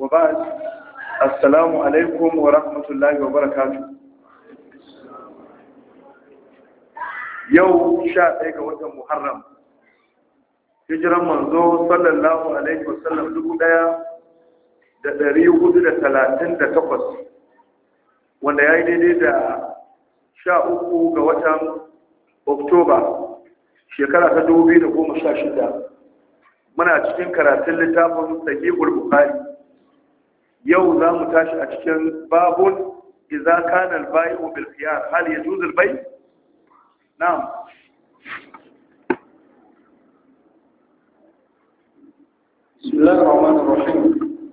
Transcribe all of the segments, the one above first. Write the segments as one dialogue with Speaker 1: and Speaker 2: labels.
Speaker 1: وبعد السلام عليكم alaikum wa rahmatullahi wa شاء yau sha ɗaya ga watan muharram الله عليه وسلم alaihi wasallam dubu ɗaya da hudu da talatin da takwas wanda ya yi daidai da sha uku ga watan oktoba shekara ta dubu biyu da goma sha shida muna cikin karatun littafin sahihul bukhari yau za mu tashi a cikin babun iza kana al-bai'u bil khiyar hal yajuz al-bai' na'am bismillahir rahmanir rahim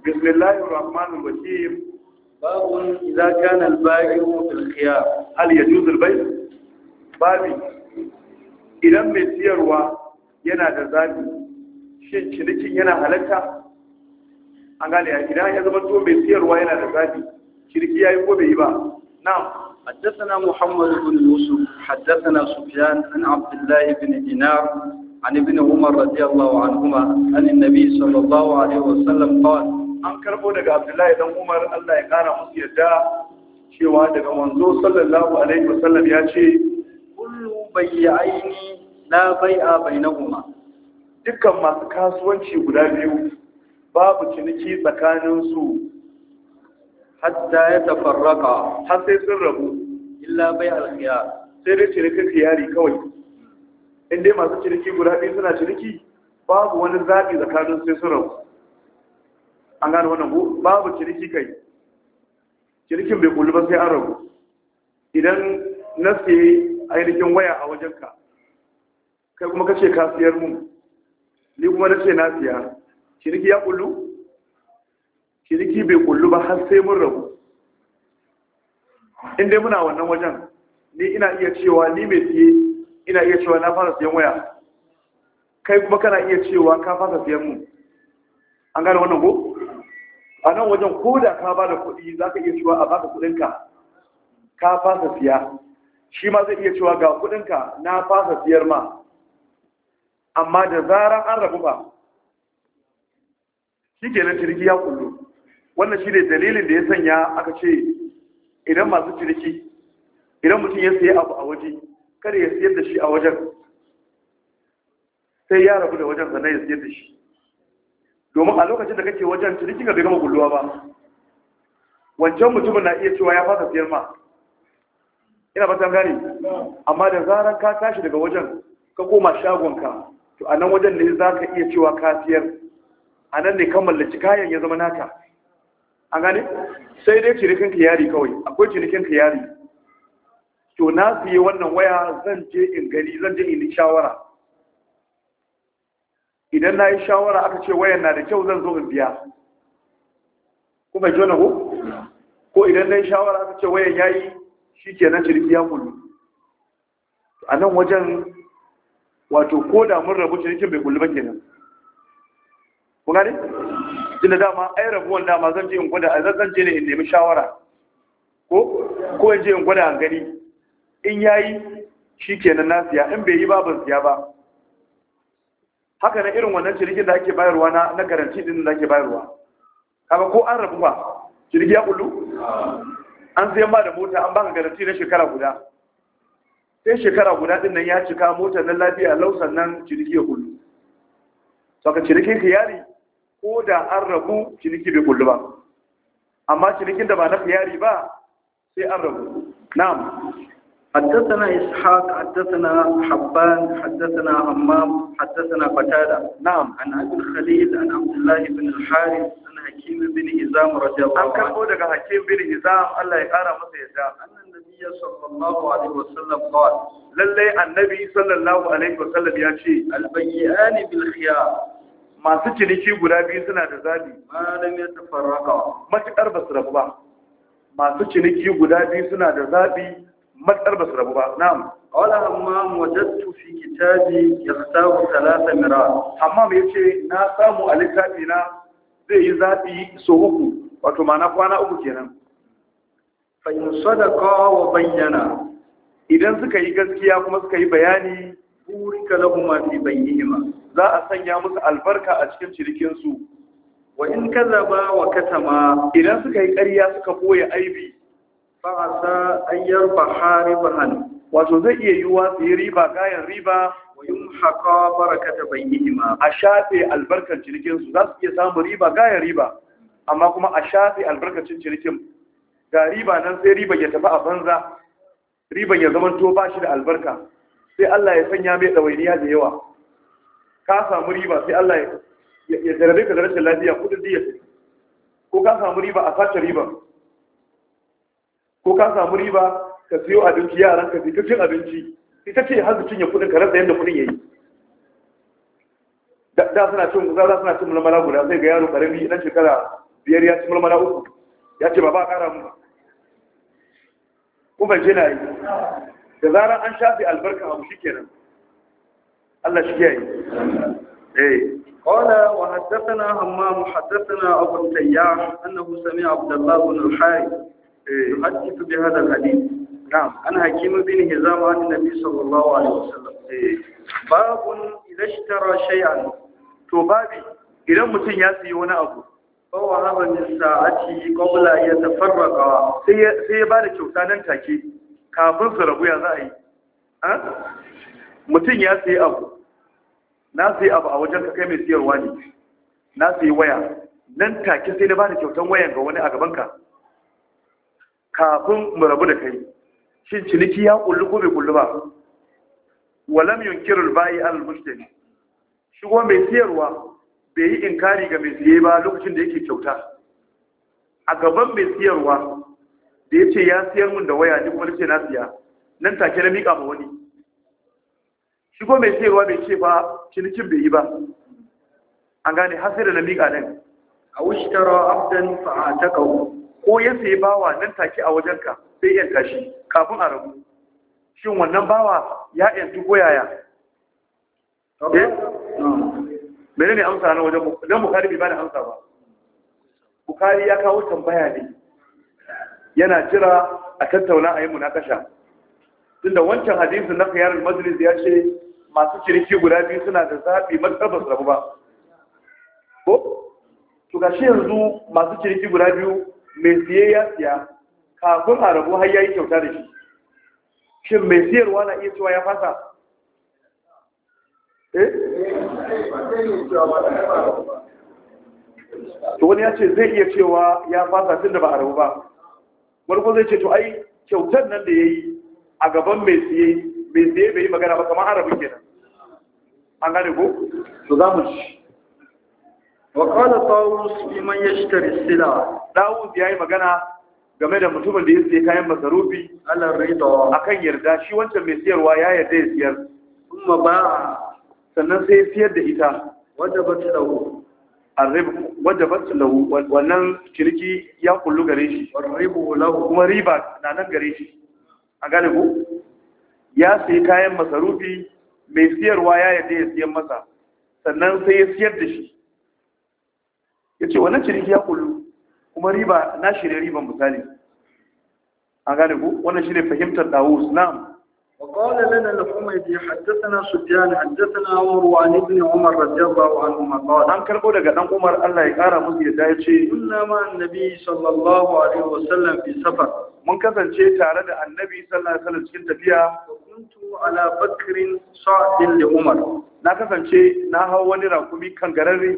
Speaker 1: bismillahir rahmanir rahim babun iza kana al-bai'u bil khiyar hal yajuz al-bai' babi idan mai siyarwa yana da zabi shin cinikin yana halatta an gane ya idan ya zama to mai siyarwa yana da zafi shirki yi ko bai yi ba na'am حدثنا محمد بن يوسف حدثنا سفيان عن عبد الله بن دينار عن ابن عمر رضي الله عنهما عن النبي صلى الله عليه وسلم قال an karɓo daga abdullahi dan umar allah ya kara musu yadda cewa daga manzo sallallahu alaihi wasallam ya ce kullu bayyaini la bai'a bainahuma dukkan masu kasuwanci guda biyu babu ciniki tsakaninsu hatta ya tafarraka har sai sun rabu illa bai alkhiya sai dai cinikin khiyari kawai inda masu ciniki guda biyu suna ciniki babu wani zaɓi tsakanin sai sun rabu an gane wannan ko babu ciniki kai cinikin bai kulu ba sai an rabu idan na siye ainihin waya a wajenka kai kuma ce ka siyar mun ni kuma na ce na siya ciniki ya kullu ciniki bai kullu ba har sai mun rabu in dai muna wannan wajen ni ina iya cewa ni mai siye ina iya cewa na fara siyan waya kai kuma kana iya cewa ka fara siyan mu an gane wannan ko a nan wajen ko da ka ba da kuɗi za ka iya cewa a baka kuɗinka ka fasa siya shi ma zai iya cewa ga kuɗinka na fasa siyar ma amma da zarar an rabu ba shi kenan ciniki ya kullu wannan shi ne dalilin da ya sanya aka ce idan masu ciniki idan mutum ya sayi abu a waje kada ya sayar da shi a wajen sai ya rabu da wajen sannan ya sayar da shi domin a lokacin da kake wajen ciniki ga bai gama kulluwa ba wancan mutumin na iya cewa ya fasa sayar ma ina ba tan gane amma da zaran ka tashi daga wajen ka koma shagonka to a nan wajen ne za ka iya cewa ka siyar a nan ne kan mallaki kayan ya zama naka an gane sai dai cinikin yari kawai akwai cinikin yari. to na fiye wannan waya zan je in gani zan je in shawara idan na yi shawara aka ce wayan na da kyau zan zo in biya kuma jona ko ko idan na yi shawara aka ce wayan ya yi shi ke nan ciniki ya kullu a nan wajen wato ko da mun rabu cinikin bai kullu ba kenan ne? gane tunda dama ai rabuwan dama zan je in gwada a zan je ne in nemi shawara ko ko in je in gwada an gani in yayi shikenan na siya in bai yi ba ban siya ba haka na irin wannan cirikin da ake bayarwa na na garanti din da ake bayarwa kaga ko an rabu ba ciriki ya kullu an sayan ba da mota an baka garanti na shekara guda sai shekara guda din nan ya cika motar nan lafiya lausan nan ciriki ya kullu saka cirikin ka yari ko da an rabu ciniki bai kullu ba amma cinikin da ba na fiyari ba sai an rabu na'am حدثنا إسحاق حدثنا حبان حدثنا همام حدثنا قتادة نعم عن أبي الخليل عن عبد الله بن الحارث عن حكيم بن هزام رضي الله عنه أن كان حكيم بن هزام الله يقرأ متى هزام أن النبي صلى الله عليه وسلم قال للي النبي صلى الله عليه وسلم يا شيء البيئان بالخيار masu ciniki guda biyu suna da zabi malam ya tafarraka matakar basu rabu ba masu ciniki guda biyu suna da zabi matakar basu rabu ba na'am qala amma wajadtu fi kitabi yahtabu thalatha amma me yace na samu a littafi na zai yi zabi so uku wato ma'ana kwana uku kenan fa in sadaqa wa bayyana idan suka yi gaskiya kuma suka yi bayani burika lahum ma fi bayyinihima za a sanya musu albarka a cikin cirikinsu wa in kazaba wa katama idan suka yi ƙarya suka boye aibi ba a sa ayyar bahari bahan wato zai iya yiwuwa su yi riba gayan riba wa yin haka barakata bayyihima a shafe albarkar cirikinsu za su iya samun riba gayan riba amma kuma a shafe albarkacin cirikin ga riba nan sai riba ya tafi a banza riban ya zama to ba shi da albarka sai Allah ya sanya mai ɗawainiya da yawa ka samu riba sai Allah ya jarabe ka da rashin lafiya kudin diya ko ka samu riba a sace riba ko ka samu riba ka siyo abinci yaran ka ka abinci sai ce har cinye kudin ka rasa yadda kudin yi. da suna cin za suna cin mulmala guda sai ga yaro karami dan shekara biyar ya ci mulmala uku ya ce ba ba kara mu kuma jina na yi da zarar an shafe albarka abu shikenan Allah shi yayi eh qala wa haddathana hammam haddathana abu tayyah annahu sami'a abdullah ibn al-harith eh. yuhaddithu bi hadha al-hadith na'am an hakim bin hizam an nabi sallallahu alaihi wasallam eh. babun idha ishtara shay'an to babi idan mutum ya sayi wani abu kowa haɓa nisa a ci ƙwabla ya tafarraka sai ya ba da kyauta nan take kafin su rabu ya za a yi mutum ya sayi abu na sai abu a wajen ka kai mai siyarwa ne na sai waya nan take sai na bani kyautan wayan ga wani a gaban ka kafin mu rabu da kai shin ciniki ya kullu ko bai kullu ba walam yunkiru al-ba'i al-mushtari shi kuma mai siyarwa bai yi inkari ga mai siye ba lokacin da yake kyauta a gaban mai siyarwa da ya ce ya siyar mun da waya duk wani ce na siya nan take na mika ma wani shigo mai cewa bai ce ba cinikin bai yi ba an gane har da na miƙa nan a tara abdan fa'ataqahu ko ya sayi bawa nan take a wajenka sai yan tashi kafin a rabu shin wannan bawa ya yantu ko yaya eh ne amsa na wajen Don bukari bai ba da amsa ba Bukari ya kawo tambaya ne yana jira a tattauna a yi munakasha tunda wancan hadisin na khiyarul majlis ya ce masu ciniki guda biyu suna da zaɓi matsabar rabu ba ko to ga shi yanzu masu ciniki guda biyu mai siye ya siya kafin a rabu har ya yi kyauta da shi shin mai siyarwa na iya cewa ya fasa eh to wani ya ce zai iya cewa ya fasa tun da ba a rabu ba wani kuma zai ce to ai kyautar nan da ya yi a gaban mai siye bai sai bai yi magana ba kamar harafin kenan an gane ko to za mu ci wa qala tawus liman yashtari sila dawud yi magana game da mutumin da ya sayi kayan masarufi Allah rida akan yarda shi wancan mai siyarwa ya yarda ya siyar kuma ba sannan sai ya siyar da ita wanda ba ta dawo arribu wajabat lahu wannan ciniki ya kullu gare shi ribu lahu kuma riba na nan gare shi an gane ko ya sayi kayan masarufi mai siyarwa ya yadda ya siyan masa sannan sai ya siyar da shi ya ce wannan ciniki ya kullu kuma riba na shirya riban misali an gane ku wannan shi ne fahimtar dawus na'am وقال لنا الحميدي حدثنا سفيان حدثنا عمر عن ابن عمر رضي الله عنهما قال an karbo daga dan Umar Allah ya kara musu yadda ya ce kunna ma annabi sallallahu alaihi wasallam fi safar mun kasance tare da annabi sallallahu alaihi wasallam cikin tafiya kuntu ala bakrin sa'din da umar na kasance na hau wani rakumi kangararre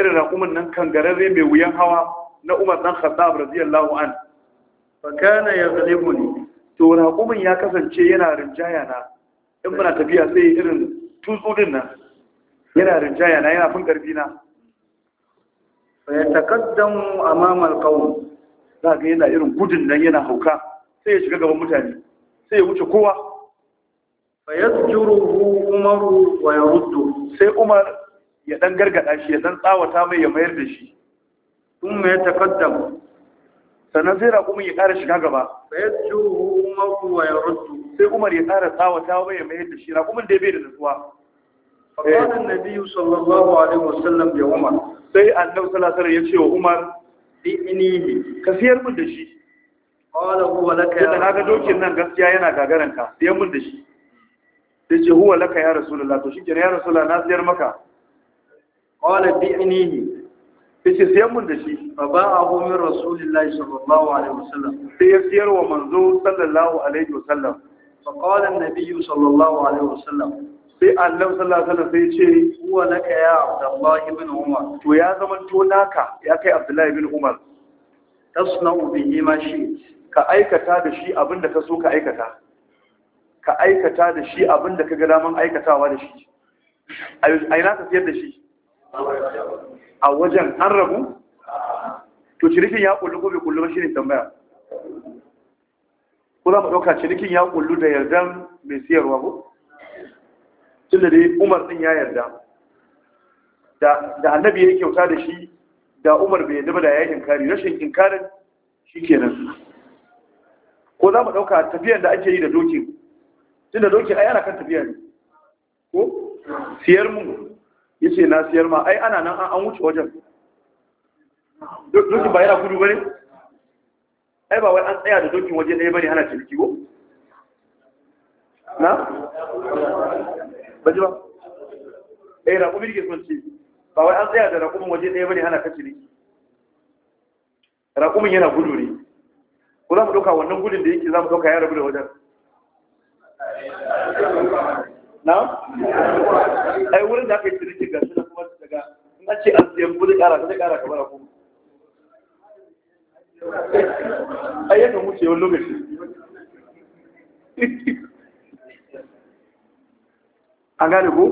Speaker 1: irin rakumin nan kangararre mai wuyan hawa na umar dan khattab radiyallahu an fa kana yaghlibuni to rakumin ya kasance yana rinjaya na in muna tafiya sai irin tutsu din nan yana rinjaya na yana fin garbi na fa yataqaddamu amama alqawm zaka yana irin gudun nan yana hauka sai ya shiga gaban mutane sai ya wuce kowa fa yazjuruhu umar wa yaruddu sai umar ya dan gargada shi ya dan tsawata mai ya mayar da shi sun mai takaddam sannan sai raƙumin ya ƙara shiga gaba fa yazjuruhu umar wa yaruddu sai umar ya ƙara tsawata mai ya mayar da shi raƙumin da bai da nutsuwa فقال النبي صلى الله عليه وسلم لعمر سي النبي صلى الله عليه وسلم يشي عمر دينيه كثير من دشي قال هو لك يا هذا dokin nan gaskiya yana gagaranka sai mun shi. sai ce huwa laka ya rasulullah to shikenan ya rasulullah na siyar maka qala bi'nihi sai ce siyan mun da shi fa ba'ahu min rasulillahi sallallahu alaihi wasallam sai ya siyar wa manzo sallallahu alaihi wasallam fa qala an-nabi sallallahu alaihi wasallam sai Allah sallallahu alaihi wasallam sai ce huwa laka ya abdullah ibn umar to ya zama to naka ya kai abdullah ibn umar tasna'u bihi ma shi ka aikata da shi abinda ka so ka aikata ka aikata da shi abin da ka ga daman aikatawa da shi a ina ka siyar da shi a wajen an rabu to cinikin ya kullu ko bai kullu ba ne tambaya ko za mu ɗauka cinikin ya kullu da yardan mai siyarwa ko tun da dai umar din ya yarda da annabi ya kyauta da shi da umar bai yarda ba da ya yi inkari rashin inkarin shi kenan ko za mu ɗauka tafiyan da ake yi da dokin tunda doki ai ana kan tafiya ne ko siyar mu yace na siyar ma ai ana nan an wuce wajen doki ba yana gudu bane ai ba wai an tsaya da dokin waje ɗaya bane ana ciniki ko na baji ba eh raƙumi da ke son ce ba wai an tsaya da raƙumin waje ɗaya bane ana ta ne. raƙumin yana gudu ne ko za mu ɗauka wannan gudun da yake za mu ɗauka ya rabu da wajen na? ai wurin da aka yi ciniki ga shi da kuma daga in ce an siyan kudi kara ƙara kara kamar kuma ai yakan muke yawan lokaci an gane ko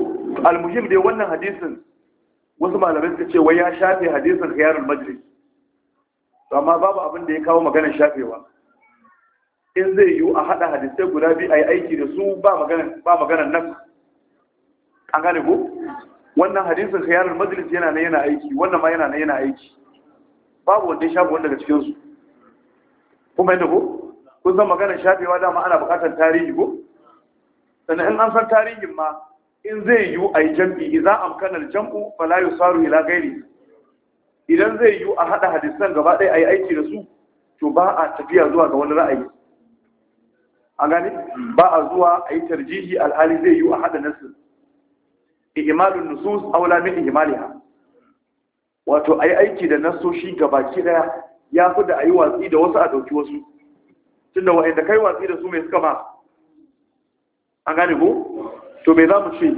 Speaker 1: almuhim dai wannan hadisin wasu malamai suka ce wai ya shafe hadisin khiyarul majlis amma babu abin da ya kawo maganar shafewa in zai yiwu a haɗa hadisai guda biyu a yi aiki da su ba magana nan an gane ko wannan hadisun khiyarar majalis yana na yana aiki wannan ma yana na yana aiki babu wanda ya shafi wanda daga cikinsu kuma yadda ko kun san maganar shafewa dama ana bukatar tarihi ko sannan in an san tarihin ma in zai yiwu a yi jam'i a amkanar jam'u fala saru ila gairi idan zai yiwu a haɗa hadisan gaba ɗaya a yi aiki da su to ba a tafiya zuwa ga wani ra'ayi an gane ba a zuwa a yi tarjihi alhali zai yi a haɗa nasu ihimalin nusus aula min ihimaliya. wato a yi aiki da nasoshi gabaki daya ya fi da a yi watsi da wasu a ɗauki wasu tunda wa'anda kai watsi da su mai suka ma an gane ko to me za mu ce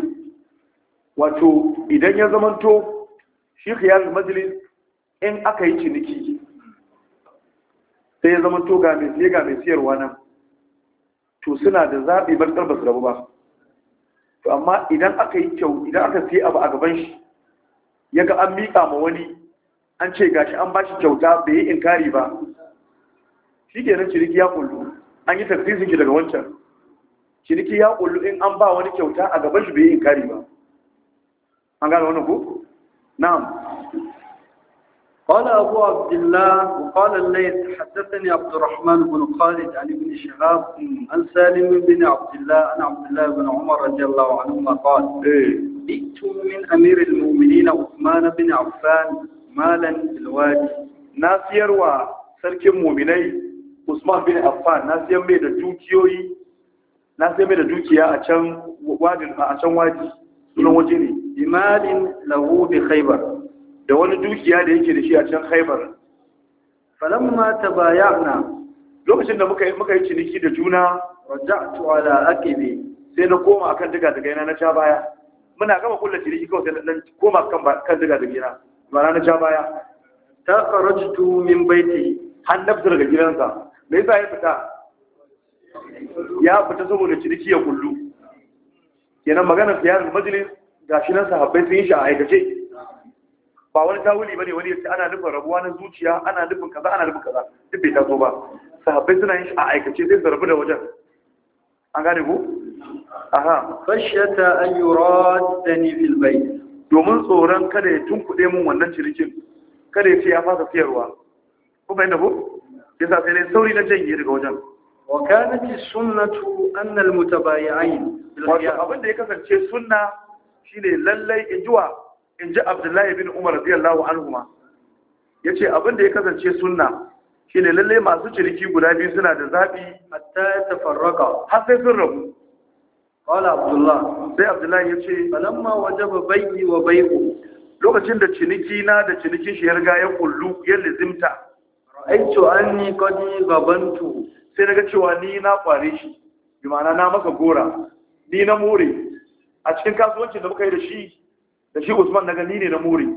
Speaker 1: wato idan ya zamanto shi khiyar majalis in aka yi ciniki sai ya zamanto ga mai siye ga mai siyarwa nan to suna da zaɓi matsar ba su rabu ba to amma idan aka yi kyau idan aka sai abu a gaban shi ya ga an miƙa ma wani an ce gashi an ba shi kyauta bai yi inkari ba shi ke nan ciniki ya kullu an yi tafsirin shi daga wancan ciniki ya kullu in an ba wani kyauta a gaban shi bai yi inkari ba an gane wani ku? na'am قال أبو عبد الله وقال الليث حدثني عبد الرحمن بن خالد عن ابن شهاب عن سالم بن عبد الله عن عبد الله بن عمر رضي الله عنهما قال جئت من أمير المؤمنين عثمان بن عفان مالا بالوادي ناس يروى سلك المؤمنين عثمان بن عفان ناس يمي دوكيوي ناس يمي دوكيا أشان وادي أشان وادي سنوجيني بمال له بخيبر da wani dukiya da yake da shi a can haibar falamma ta bayana lokacin da muka yi ciniki da juna raja'tu ake ne, sai na koma akan diga daga yana na sha baya muna gama kula ciniki kawai sai na koma kan kan diga daga yana bara na sha baya ta jitu min baiti har na daga gidansa me yasa ya fita ya fita saboda ciniki ya kullu kenan maganar siyar majalis shi nan sahabbai sun yi shi a aikace ba wani tawuli bane wani yace ana nufin rabuwa na zuciya ana nufin kaza ana nufin kaza duk bai taso ba sahabbai suna yin shi a aikace sai su rabu da wajen an gane ku aha fashyata an yuradani fil bayt domin tsoron kada ya tunkuɗe mun wannan cirikin kada ya ce ya fasa siyarwa ko bai ku yasa sai ne sauri na janye daga wajen wa kanat sunnatu an al mutabayi'ain abin abinda ya kasance sunna shine lallai injuwa in ji abdullahi bin umar radiyallahu anhuma ya ce abin ya kasance sunna shi ne lalle masu ciniki guda biyu suna da zaɓi hatta ta tafarraka har sai sun rabu wala abdullah sai abdullahi ya ce falamma wajaba bai'i wa bai'u lokacin da ciniki na da cinikin shi ya riga ya kullu ya lizimta ra'aitu anni qad gabantu sai daga cewa ni na kware shi bi na maka gora ni na more a cikin kasuwancin da muka yi da shi da shi usman na ni ne na muri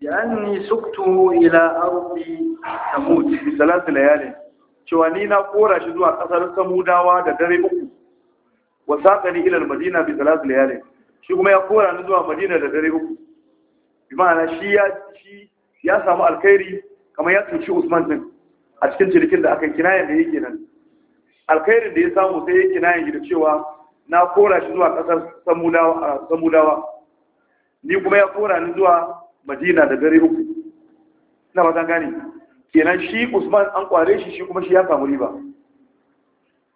Speaker 1: yanni suktu ila ardi tamut bi salati layali cewa ni na kora shi zuwa kasar samudawa da dare uku wa saqani ila almadina bi salati layali shi kuma ya kora ni zuwa madina da dare uku bi ma'ana shi ya shi ya samu alkhairi kamar ya tsinci usman din a cikin jirgin da aka kinayen da yake nan alkhairin da ya samu sai ya kinayen da cewa na kora shi zuwa kasar samudawa ni kuma ya kora ni zuwa madina da dare uku na matan gani kenan shi usman an kware shi shi kuma shi ya samu riba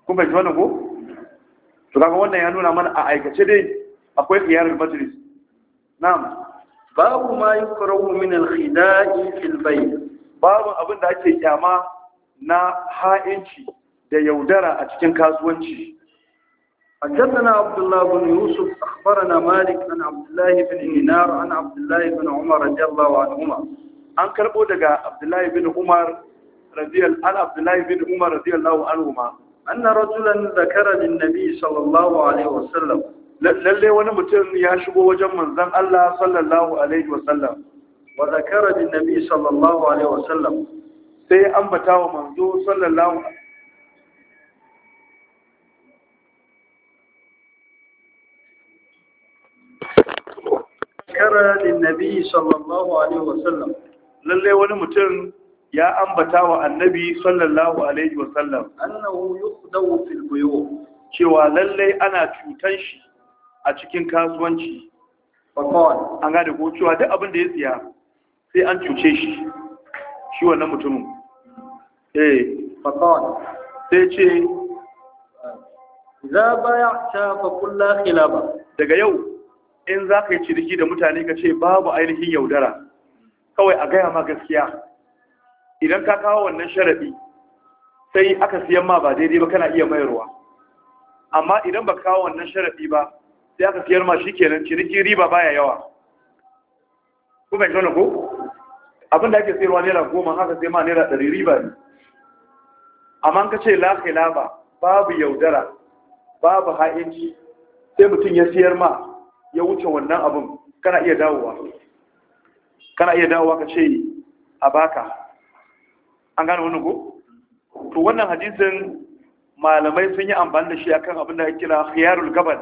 Speaker 1: kuma shi wannan ko to kaga wannan ya nuna mana a aikace dai akwai qiyarar majlis na'am babu ma yukrahu min al-khida'i fil bayt babu abin da ake kyama na ha'inci da yaudara a cikin kasuwanci حدثنا عبد الله بن يوسف أخبرنا مالك عن عبد الله بن دينار عن عبد الله بن عمر رضي الله عنهما an karɓo daga Abdullahi bin Umar radiyal bin Umar radiyallahu anhuma anna rajulan zakara lin nabi sallallahu alaihi wasallam lalle wani mutum ya shigo wajen manzon Allah sallallahu alaihi wasallam wa zakara lin nabi sallallahu alaihi wasallam sai ambata wa manzo sallallahu zakara linnabi sallallahu alaihi wasallam lalle wani mutum ya ambata wa annabi sallallahu alaihi wasallam annahu yuqdaw fil buyu cewa lalle ana cutan shi a cikin kasuwanci faqal an ga da ko cewa duk abin da ya tsiya sai an cuce shi shi wannan mutumin eh faqal sai ce za ta fa kullu khilaba daga yau in za ka yi ciniki da mutane ka ce babu ainihin yaudara kawai a gaya ma gaskiya idan ka kawo wannan sharaɗi sai aka siyan ma ba daidai ba kana iya mayarwa amma idan ba kawo wannan sharaɗi ba sai aka siyar ma shi kenan ciniki riba baya yawa ku bai shona ko abin da ake sayarwa naira goma haka sai ma naira ɗari riba ne amma ka ce la laba babu yaudara babu ha'inci sai mutum ya siyar ma ya wuce wannan abin kana iya dawowa kana iya dawowa ka ce a baka an gane wani ko to wannan hadisin malamai sun yi amfani da shi akan abin da ake kira khiyarul gabal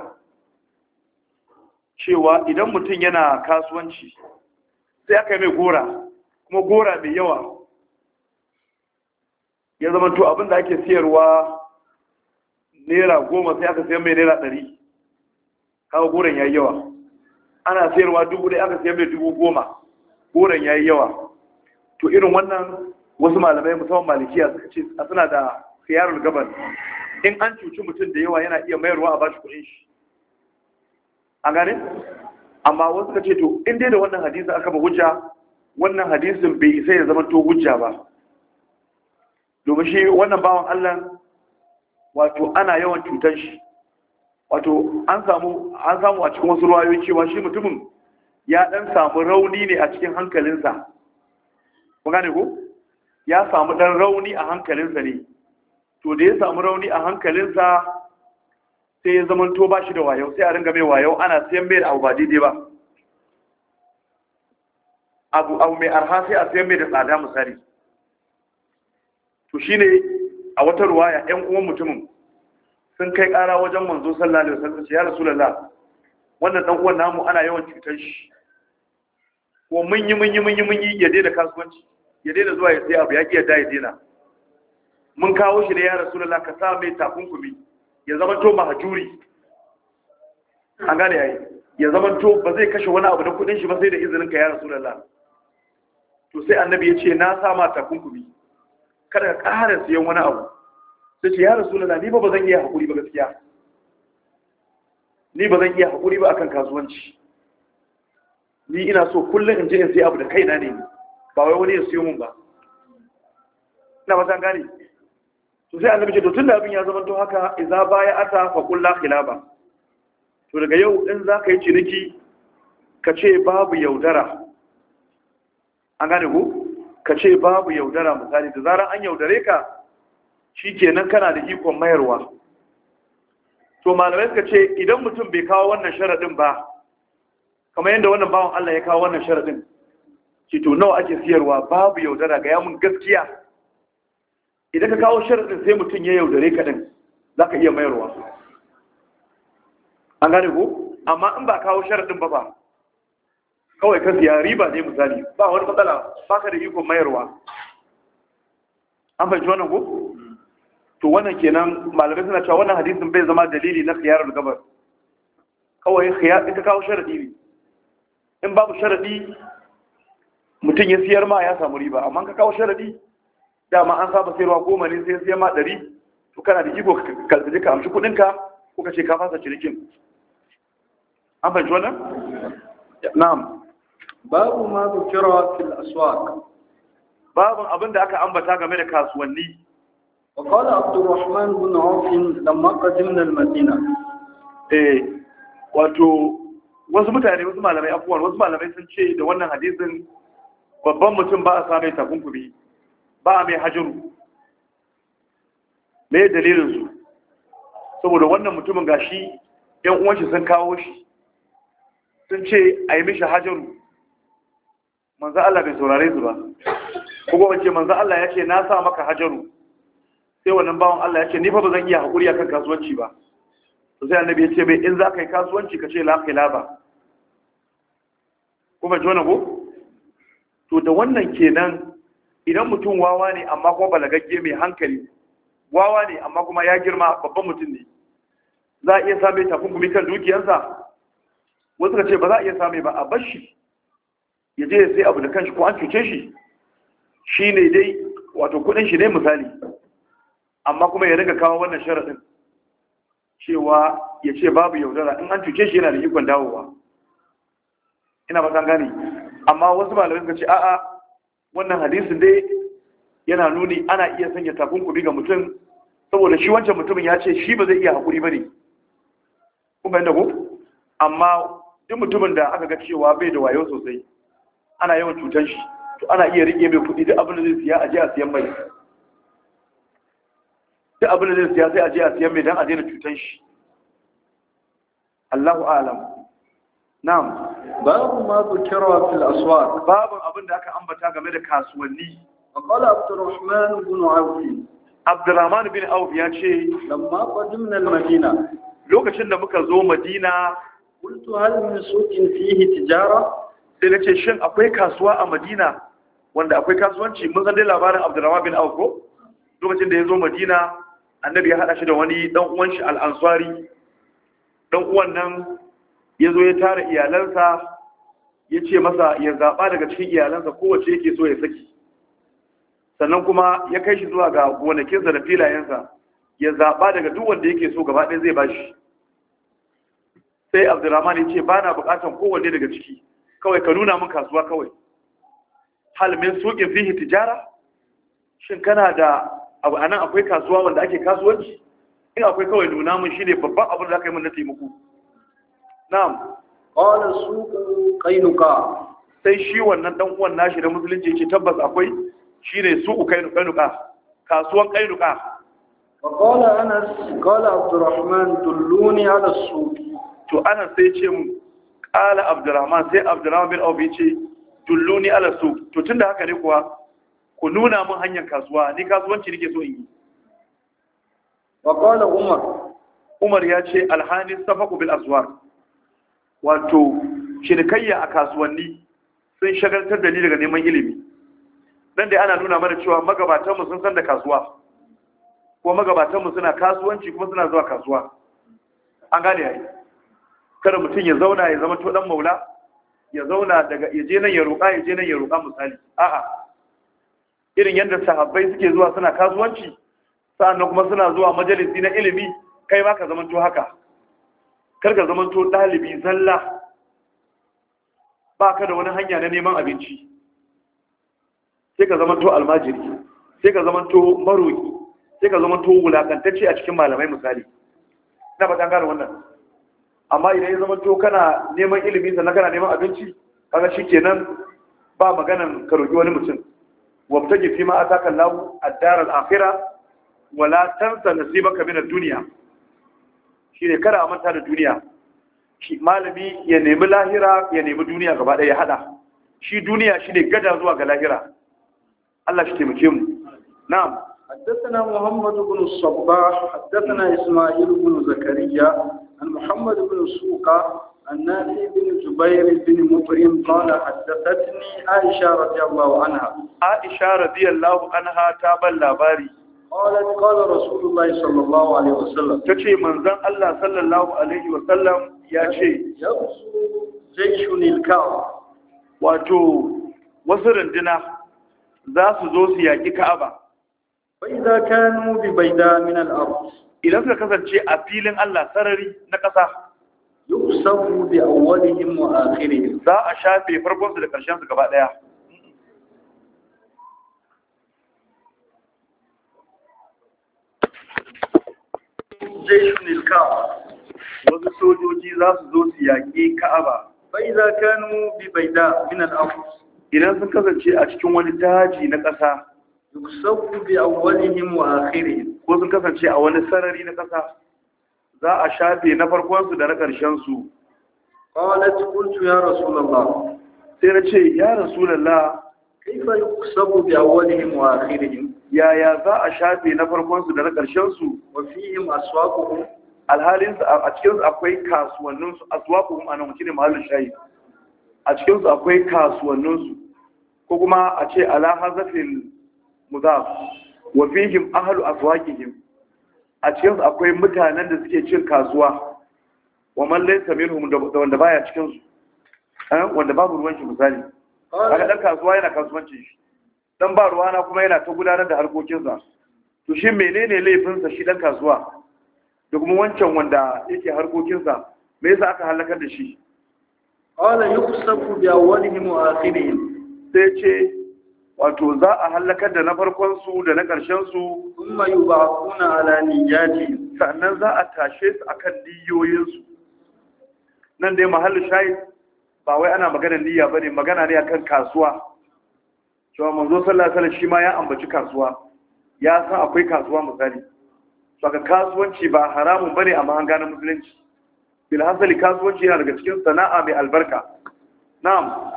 Speaker 1: cewa idan mutum yana kasuwanci sai aka yi mai gora kuma gora mai yawa ya zama to abin da ake siyarwa naira goma sai aka siyar mai naira ɗari kawo goron ya yi yawa ana sayarwa dubu ɗaya aka sayar da dubu goma goron ya yi yawa to irin wannan wasu malamai musamman malikiya suka ce a suna da siyarar gabar in an cuci mutum da yawa yana iya mayarwa a bashi kudin shi a gane amma wasu ka ce to in dai da wannan hadisi aka ba hujja wannan hadisin bai isa ya zama to hujja ba domin shi wannan bawan Allah wato ana yawan cutar shi wato an samu an samu a cikin wasu ruwayoyi cewa shi mutumin ya dan samu rauni ne a cikin hankalinsa Ku gane ko ya samu dan rauni a hankalinsa ne to da ya samu rauni a hankalinsa sai ya zama to ba shi da wayo sai a ringa mai wayo ana sayan mai da abu ba daidai ba abu abu mai arha sai a siyan mai da tsada misali to shine a wata ruwaya 'yan uwan mutumin sun kai ƙara wajen manzo sallallahu alaihi wasallam ya rasulullah wannan dan uwan namu ana yawan cutar shi ko mun yi mun yi mun yi mun yi ya daina kasuwanci ya daina zuwa ya sai abu ya ki ya ya daina mun kawo shi ne ya rasulullah ka sa mai takunkumi ya zama to mahajuri an gane yayi ya zama to ba zai kashe wani abu da kudin shi ba sai da izinin ka ya rasulullah to sai annabi ya ce na sa ma takunkumi kada ka ƙara siyan wani abu ta ce ya rasulullah ni ba ba zan iya haƙuri ba gaskiya ni ba zan iya haƙuri ba akan kasuwanci ni ina so kullum in je in sai abu da kaina ne ba wai wani ya siyo mun ba ina ba ta gane to sai annabi ce to tunda abin ya zama to haka idza baya ata fa kullu khilaba to daga yau in zaka yi ciniki ka ce babu yaudara an gane ku ka ce babu yaudara misali da zaran an yaudare ka shi kenan kana da ikon mayarwa to malamai suka ce idan mutum bai kawo wannan sharaɗin ba kamar yadda wannan bawon Allah ya kawo wannan sharaɗin ce to nawa ake siyarwa babu yaudara ga yamin gaskiya idan ka kawo sharaɗin sai mutum ya yaudare ka ɗin za ka iya mayarwa an gane ko amma in ba kawo sharaɗin ba ba kawai ka siya riba ne misali ba wani matsala ba ka da ikon mayarwa an fahimci wannan ko to wannan kenan malamai suna cewa wannan hadisin bai zama dalili na khiyarar gabar kawai khiyar ita kawo sharadi ne in babu sharadi mutum ya siyar ma ya samu riba amma ka kawo sharadi dama an saba sayarwa goma ne sai siyar ma ɗari to kana da iko ka je ka amshi kuɗinka ko ka ce ka fasa cirikin an fahimci wannan na'am babu ma zukira fil aswaq babu abin da aka ambata game da kasuwanni وقال عبد الرحمن بن عوف لما قدمنا المدينة eh wato wasu mutane wasu malamai abubuwan wasu malamai sun ce da wannan hadisin babban mutum ba a sa takunkumi ba a mai hajjuru me dalilin su saboda wannan mutumin gashi yan uwanci sun kawo shi sun ce a yi mishi hajjuru manzan Allah bai saurare su ba kuma wace manzan Allah ya ce na sa maka hajaru sai wannan bawan Allah ya ce ni fa ba zan iya haƙuri akan kasuwanci ba to sai annabi ya ce bai in za ka yi kasuwanci ka ce la khilaba ko ba jona ko to da wannan kenan idan mutum wawa ne amma kuma balagagge mai hankali wawa ne amma kuma ya girma babban mutum ne za a iya same takunkumi kan dukiyarsa wasu ka ce ba za a iya same ba a bashi ya je ya sai abu da kanshi ko an cuce shi shi ne dai wato kudin shi ne misali amma kuma ya riga kawo wannan sharaɗin cewa ya ce babu yaudara in an cuce shi yana da ikon dawowa ina ba san gane amma wasu malamai suka ce a'a wannan hadisin dai yana nuni ana iya sanya takunkumi ga mutum saboda shi wancan mutumin ya ce shi ba zai iya haƙuri ba ne kuma yadda ko amma duk mutumin da aka ga cewa bai da wayo sosai ana yawan cutar shi to ana iya rike mai kuɗi duk abin da zai siya a je a siyan mai duk abin da zai siya sai a je a siyan mai don a daina cutan shi Allahu alam na'am babu ma kira fil aswaq babu abin da aka ambata game da kasuwanni qala abdurrahman ibn awf abdurrahman ibn awf ya ce lamma qadimna al-madina lokacin da muka zo madina qultu hal min suqin fihi tijara sai nace shin akwai kasuwa a madina wanda akwai kasuwanci mun san dai labarin abdurrahman bin awf lokacin da ya zo madina annabi ya haɗa shi da wani ɗan uwan shi al'ansari ɗan uwan nan ya zo ya tara iyalansa ya ce masa ya zaɓa daga cikin iyalansa kowace yake so ya saki sannan kuma ya kai shi zuwa ga gonakinsa da filayensa ya zaɓa daga duk wanda yake so gaba ɗaya zai ba shi sai Abdulrahman ya ce ba na buƙatar kowanne daga ciki kawai ka nuna min kasuwa kawai Halmin min suƙin fihi tijara shin kana da abu anan akwai kasuwa wanda ake kasuwanci in akwai kawai nuna mun shine babban abin da aka yi mun na taimako na'am qala suqu kainuka. sai shi wannan dan uwan nashi da musulunci yake tabbas akwai shine suqu kainuka. kasuwan kainuka. fa qala anas qala abdurrahman dulluni ala suq to anas sai ce mu qala abdurrahman sai abdurrahman bin awfi ce dulluni ala suq to tunda haka ne kuwa ku nuna mun hanyar kasuwa ni kasuwanci nake so in yi wa qala umar umar ya ce alhani safaqu bil aswar wato shirkayya a kasuwanni sun shagaltar da ni daga neman ilimi dan dai ana nuna mana cewa magabatanmu sun san da kasuwa ko magabatanmu suna kasuwanci kuma suna zuwa kasuwa an gane yayi kada mutum ya zauna ya zama to dan maula ya zauna daga ya je nan ya roƙa ya je nan ya roƙa misali a'a irin yadda sahabbai suke zuwa suna kasuwanci sa'annan kuma suna zuwa majalisi na ilimi kai ma ka zamanto haka kar ka zamanto ɗalibi zalla ba ka da wani hanya na neman abinci sai ka zamanto almajiri sai ka zamanto maroki sai ka zamanto wulakantacce a cikin malamai misali na ba gane wannan amma idan ya zamanto kana neman ilimi sannan kana neman abinci kaga shikenan ba maganan ka roƙi wani mutum wabtaji fi ma ataka Allahu ad-dar al-akhirah wa la tansa nasibaka min ad-dunya shine kada a manta da duniya shi malami ya nemi lahira ya nemi duniya gaba ɗaya ya hada shi duniya shine gada zuwa ga lahira Allah shi taimake mu na'am حدثنا محمد بن الصباح حدثنا إسماعيل بن زكريا عن محمد بن سوقة النادي بن جبير بن مكرم قال حدثتني عائشة رضي الله عنها عائشة رضي الله عنها تابا لاباري قالت قال رسول الله صلى الله عليه وسلم تشي منزل الله صلى الله عليه وسلم يا شي جيش الكعبة wato wasu runduna za su zo su yaƙi ka'aba bai za kanu bi bai da min al'arus idan suka kasance a filin Allah sarari na ƙasa yusafu bi awwalihim wa akhirihim za a shafe farkon su da karshen su gaba daya jeshun ilkawa wasu sojoji za su zo su yaƙi ka'aba bai za kanu bi baida da minan abu idan sun kasance a cikin wani daji na ƙasa yusafu bi awwalihim wa akhirihim ko sun kasance a wani sarari na ƙasa za a shafe na farkonsu da na ƙarshensu qalat qultu ya lalla. sai na ce ya rasulullah kaifa yuksabu wani yin wa akhirihim yaya za a shafe na farkonsu da na ƙarshensu wa fihim aswaquhum alhalin a cikin akwai kasuwannin su aswaquhum anan shine mahallin shayi a cikin su akwai kasuwannin su ko kuma a ce ala hazafil mudaf wa fihim ahlu aswaqihim a cikinsu akwai mutanen da suke cin kasuwa wa mallai samirhum da wanda baya cikinsu eh, wanda babu ruwan shi misali kaga dan kasuwa yana kasuwancin shi dan ba na kuma yana ta gudanar da harkokinsa to shi menene laifinsa shi dan kasuwa da kuma wancan wanda yake harkokinsa me yasa aka halakar da shi qala yuqsafu bi awwalihim wa akhirihim sai ce wato za a halakar da na farkon su da na ƙarshen su kuma yi ba kuna alaniyati sannan za a tashe su akan diyoyinsu nan dai mahallin shayi ba wai ana maganar niyya bane magana ne akan kasuwa cewa manzo sallallahu alaihi wasallam shi ma ya ambaci kasuwa ya san akwai kasuwa misali saka kasuwanci ba haramun bane amma an gane musulunci bil hasali kasuwanci yana daga cikin sana'a mai albarka na'am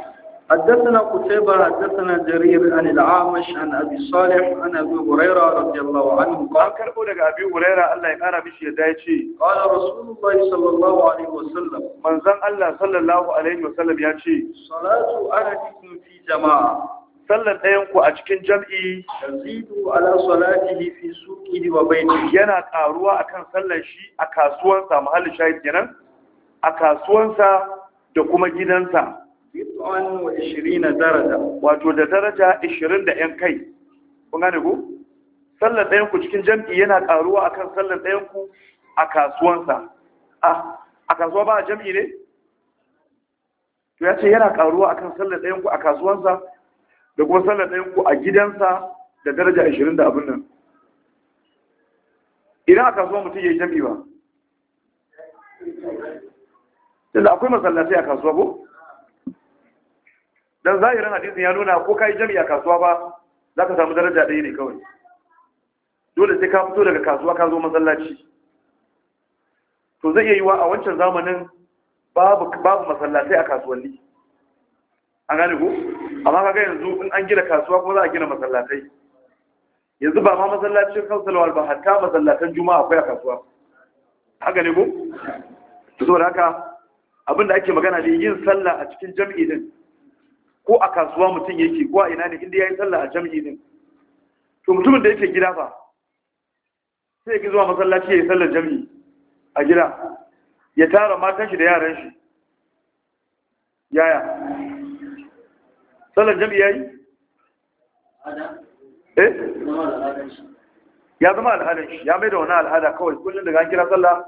Speaker 1: حدثنا قتيبة حدثنا جرير عن العامش عن أبي صالح عن أبي هريرة رضي الله عنه قال كربو لك أبي هريرة الله يقارى مش يدايشي قال رسول الله صلى الله عليه وسلم من زن الله صلى الله عليه وسلم ياتي صلاة أحدكم في جماعة sallan ɗayanku a cikin jam'i yazidu ala salatihi fi suqihi wa baitihi yana karuwa akan sallan shi a kasuwansa mahallin shahid kenan a kasuwansa da kuma gidansa 20 daraja wato da daraja 20 da yan kai kun gane ku sallar ɗayanku cikin jam'i yana karuwa akan sallar ɗayanku a kasuwansa a kasuwa ba a jam'i ne to ya ce yana karuwa akan sallar ɗayanku a kasuwansa da kuma sallar ɗayanku a gidansa da daraja 20 da abin nan idan a kasuwa mutum ya yi jam'i ba tunda akwai masallatai a kasuwa ko dan zahirin hadisin ya nuna ko kai jami'a kasuwa ba za ka samu daraja ɗaya ne kawai dole sai ka fito daga kasuwa ka zo masallaci to zai iya yiwa a wancan zamanin babu babu masallatai a kasuwanni an gane ko amma kaga yanzu in an gina kasuwa ko za a gina masallatai yanzu ba ma masallacin kausalawar ba hatta masallatan juma'a akwai a kasuwa haka ne ko to saboda haka abinda ake magana ne yin sallah a cikin jami'i din ko a kasuwa mutum yake ko a ina ne inda ya yi sallah a jam'i din to mutumin da yake gida fa sai ya zuwa masallaci ya yi sallar jam'i a gida ya tara matan shi da yaran shi yaya sallar jam'i ya yi? eh? ya zama al'adar shi ya mai da wani al'ada kawai kullum daga an kira sallah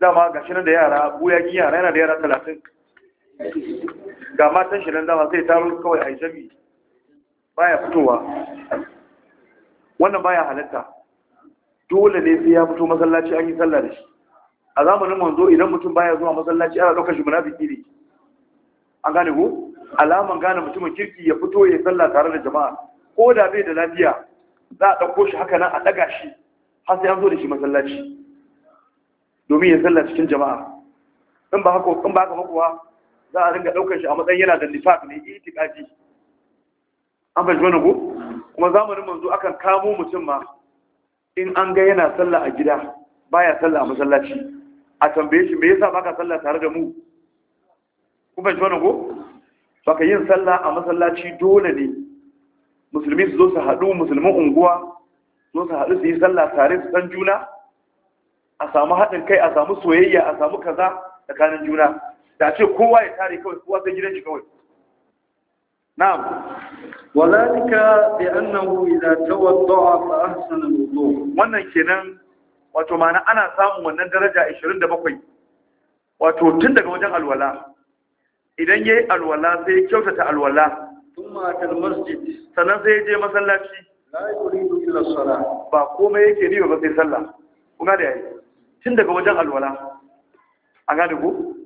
Speaker 1: dama gashi nan da yara buya yara yana da yara talatin ga matan shi nan dama zai taro kawai a yi jami ya fitowa wannan ba ya halatta dole ne sai ya fito masallaci an yi sallah da shi a zamanin manzo idan mutum baya zuwa masallaci ana ɗaukar shi munafiki ne an gane ko alaman gane mutumin kirki ya fito ya sallah tare da jama'a ko da bai da lafiya za a ɗauko shi haka nan a ɗaga shi har sai an zo da shi masallaci domin ya sallah cikin jama'a in ba haka ba kuwa za a ringa daukar shi a matsayin yana da nifaq ne itiqadi an fahimci wani ko kuma zamanin manzo akan kamo mutum ma in an ga yana sallah a gida baya sallah a masallaci a tambaye shi me yasa baka sallah tare da mu ku fahimci wani ko baka yin sallah a masallaci dole ne musulmi su zo su haɗu musulmin unguwa zo su haɗu su yi sallah tare su san juna a samu haɗin kai a samu soyayya a samu kaza tsakanin juna da ce kowa ya tare kawai kowa sai gidan shi kawai na'am walaka bi annahu idza tawadda'a fa ahsana al-wudu wannan kenan wato ma'ana ana samun wannan daraja 27 wato tun daga wajen alwala idan yayi alwala sai ya kyautata alwala kuma kal masjid sannan sai ya je masallaci illa ba komai yake ni ba sai sallah kuma da yayi tun daga wajen alwala an gane ko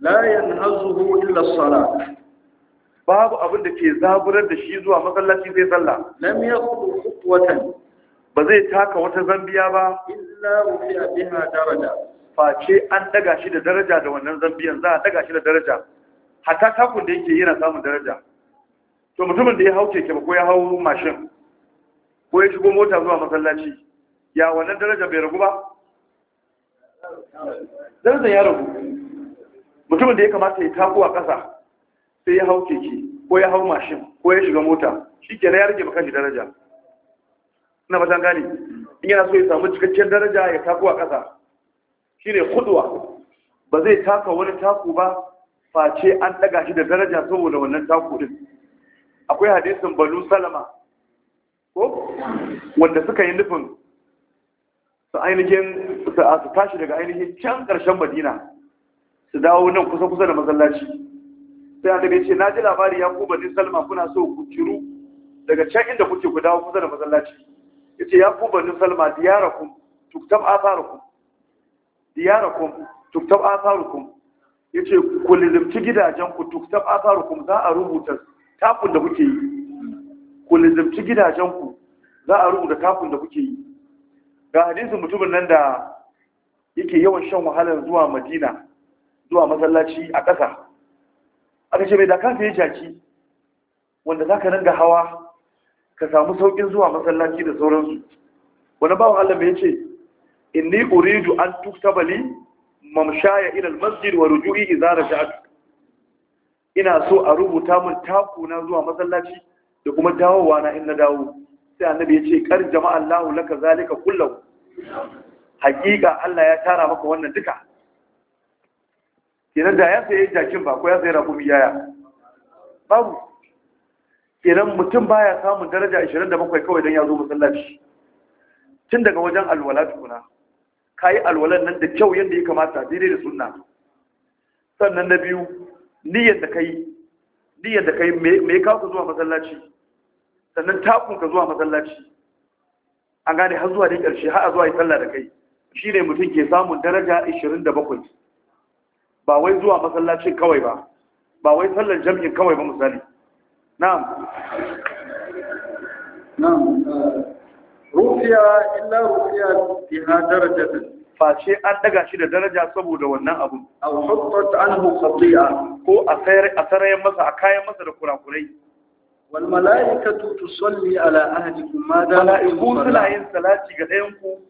Speaker 2: la yanhazuhu illa as-salat
Speaker 1: babu abin da ke zaburar da shi zuwa masallaci sai sallah lam yaqdu khutwatan ba zai taka wata zambiya ba illa rufi'a biha daraja face an daga shi da daraja da wannan zambiyan za a daga shi da daraja hatta takun da yake yana samun daraja to mutumin da ya hau keke ba ko ya hau mashin ko ya shigo mota zuwa masallaci ya wannan daraja bai ragu ba darajar ya ragu mutumin da ya kamata ya taku a ƙasa sai ya hau keke ko ya hau mashin ko ya shiga mota shi ke na ya rage maka shi daraja na matan gani in yana so ya samu cikakken daraja ya taku a ƙasa shi ne kuduwa ba zai taka wani taku ba face an ɗaga shi da daraja saboda wannan taku ɗin akwai hadisin balu salama ko wanda suka yi nufin su ainihin su tashi daga ainihin can ƙarshen madina su dawo nan kusa kusa da masallaci sai an ya ce na ji labari ya kuma bani salma kuna so ku kiru daga can inda kuke ku dawo kusa da masallaci ya ce ya kuma bani salma diyarakum tuktab asarukum diyarakum tuktab asarukum ya ce ku lizimci gidajen ku tuktab asarukum za a rubuta takun da kuke yi ku lizimci gidajen ku za a rubuta takun da kuke yi ga hadisin mutumin nan da yake yawan shan wahalar zuwa madina zuwa masallaci a ƙasa aka ce mai da ka jaki wanda za ka ringa hawa ka samu sauƙin zuwa masallaci da sauransu wani bawan Allah mai ce in ni uridu an tuktabali mamshaya ila masjid wa ruju'i idza raja'tu ina so a rubuta mun takuna zuwa masallaci da kuma dawowa na in na dawo sai annabi ya ce kar jama'a Allahu laka zalika kullahu hakika Allah ya tara maka wannan duka kenan da ya sayi jakin ba ko ya sayi rakumi yaya babu kenan mutum baya samun daraja 27 kawai don ya zo masallaci tun daga wajen alwala tukuna ka yi alwalan nan da kyau yadda ya kamata daidai da sunna sannan na biyu niyyar da kai yi niyyar da ka yi mai kawo zuwa masallaci sannan takun ka zuwa masallaci an gane har zuwa da ƙarshe har a zuwa yi sallah da kai shi ne mutum ke samun daraja 27 ba wai zuwa masallacin kawai ba ba wai sallar jam'in kawai ba misali na'am na'am eh, rufiya illa rufiya biha darajatin face an daga shi da daraja saboda wannan abu aw hutta anhu khati'a ko a sayar a sarayen masa a kayan masa da kurakurai wal malaikatu tusalli ala ahlikum ma da Mala'iku suna yin salati ga ɗayan ku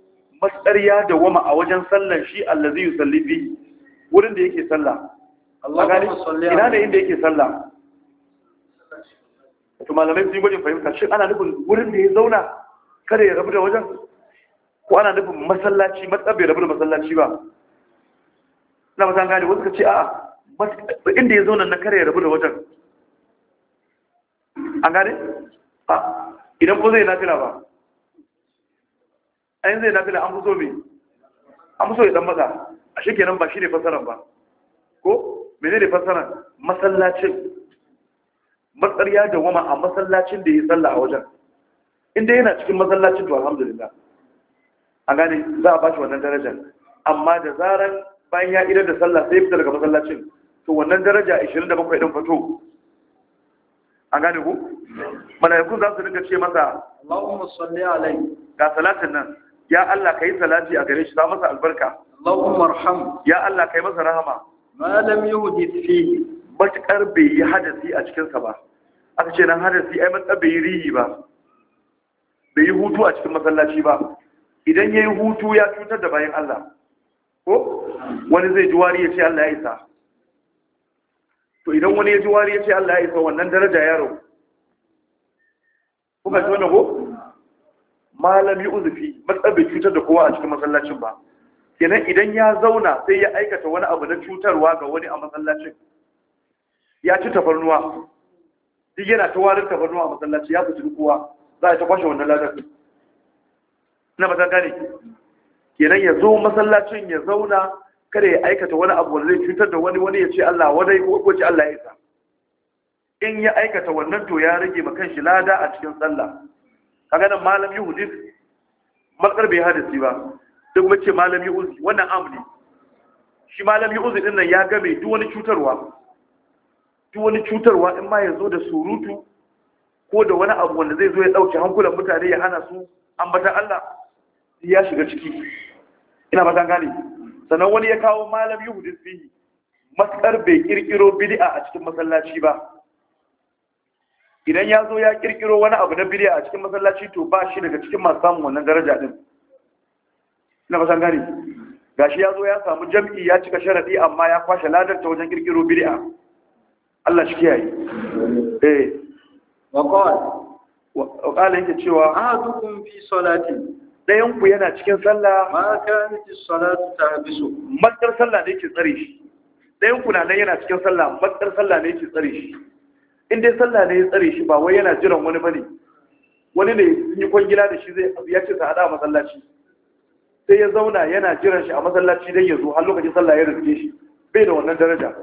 Speaker 1: matsariya da wama a wajen sallan shi allazi yusalli bihi wurin da yake sallah ina ne inda yake sallah to malamai sun yi gwajin fahimta shi ana nufin wurin da ya zauna kada ya rabu da wajen ko ana nufin masallaci matsar bai rabu da masallaci ba na ba san gane wasu ka ce a inda ya zauna na kada ya rabu da wajen an gane a idan ko zai nafila ba ayin zai nafila an fi so mai an fi so ya dan maza a shi kenan ba shi ne fasaran ba ko mene ne fasaran masallacin matsar ya wama a masallacin da ya tsalla a wajen inda yana cikin masallacin to alhamdulillah a gane za a bashi wannan darajar amma da zaran bayan ya idar da sallah sai fita daga masallacin to wannan daraja 27 din fato A gane ku mala'iku za su dinga ce masa Allahumma salli ga salatin nan ya Allah ka yi salati a gare shi za masa albarka Allahumma arham ya Allah kai masa rahama malam yuhdi fi matkar bai yi hadasi a cikin sa ba aka ce nan hadasi ai matsa bai yi rihi ba bai yi hutu a cikin masallaci ba idan yayi hutu ya cutar da bayan Allah ko wani zai ji wari ya ce Allah ya isa to idan wani ya ji wari ya ce Allah ya isa wannan daraja yaro kuka ji wannan ko malami fi matsa bai cutar da kowa a cikin masallacin ba kenan idan ya zauna sai ya aikata wani abu na cutarwa ga wani a masallacin ya ci tafarnuwa duk yana ta warin tafarnuwa a matsalacin ya fi kuwa za a ta kwashe wannan ladar na matanga ne kenan ya zo masallacin ya zauna kada ya aikata wani abu wanda zai cutar da wani wani ya ce Allah wadai ko ce Allah ya isa in ya aikata wannan to ya rage ma kanshi lada a cikin sallah kaga nan malam yuhudis malkar bai hadisi ba sai kuma ce malami uzi wannan amli shi malami uzi dinnan ya game duk wani cutarwa duk wani cutarwa in ma ya zo da surutu ko da wani abu wanda zai zo ya dauke hankulan mutane ya hana su ambata Allah ya shiga ciki ina ba gane sannan wani ya kawo malam uzi bihi matsar bai kirkiro bid'a a cikin masallaci ba idan ya zo ya kirkiro wani abu na bid'a a cikin masallaci to ba shi daga cikin masu samun wannan daraja din ina fasan gani gashi ya zo ya samu jam'i ya cika sharadi amma ya kwashe ladar ta wajen kirkiro bid'a Allah shi kiyaye eh wa qala wa qala yake cewa ahadukum fi salati dayan ku yana cikin sallah ma kanat as-salatu tahbisu matar sallah ne yake tsare shi dayan ku na nan yana cikin sallah matar sallah ne yake tsare shi in dai sallah ne ya tsare shi ba wai yana jiran wani bane wani ne yi kwangila da shi zai ya ce sa hada masallaci sai ya zauna yana jiran shi a masallaci dai ya zo har lokacin sallah ya rufe shi bai da wannan daraja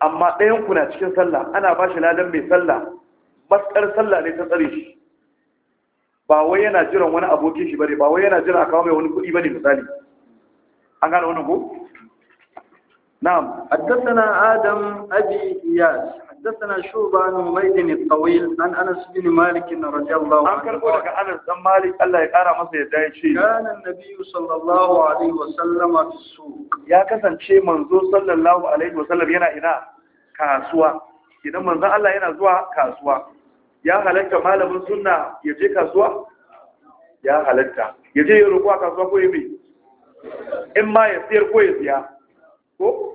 Speaker 1: amma ɗayan kuna na cikin sallah ana ba shi ladan mai sallah matsar sallah ne ta tsare shi ba wai yana jiran wani abokin shi bane ba wai yana jira kawo mai wani kuɗi bane misali an gane wani ko na'am haddathana adam abi iyas Mutum tana shuka ba ni mai tani tsawan yanzu. An anan su ne malamin na rujar lawa. An karɓo daga Anas don Malam Allah ya ƙara masa ya dace. Kano na biyu sallar lawa alayhi wa sallamar su. yana ina kasuwa idan manzon Allah yana zuwa kasuwa. Ya halitta malamin suna yaje kasuwa? Ya halitta. Yaje ya rubuka kasuwa koyi me? In ma ya sayar ko ya siya? Ko,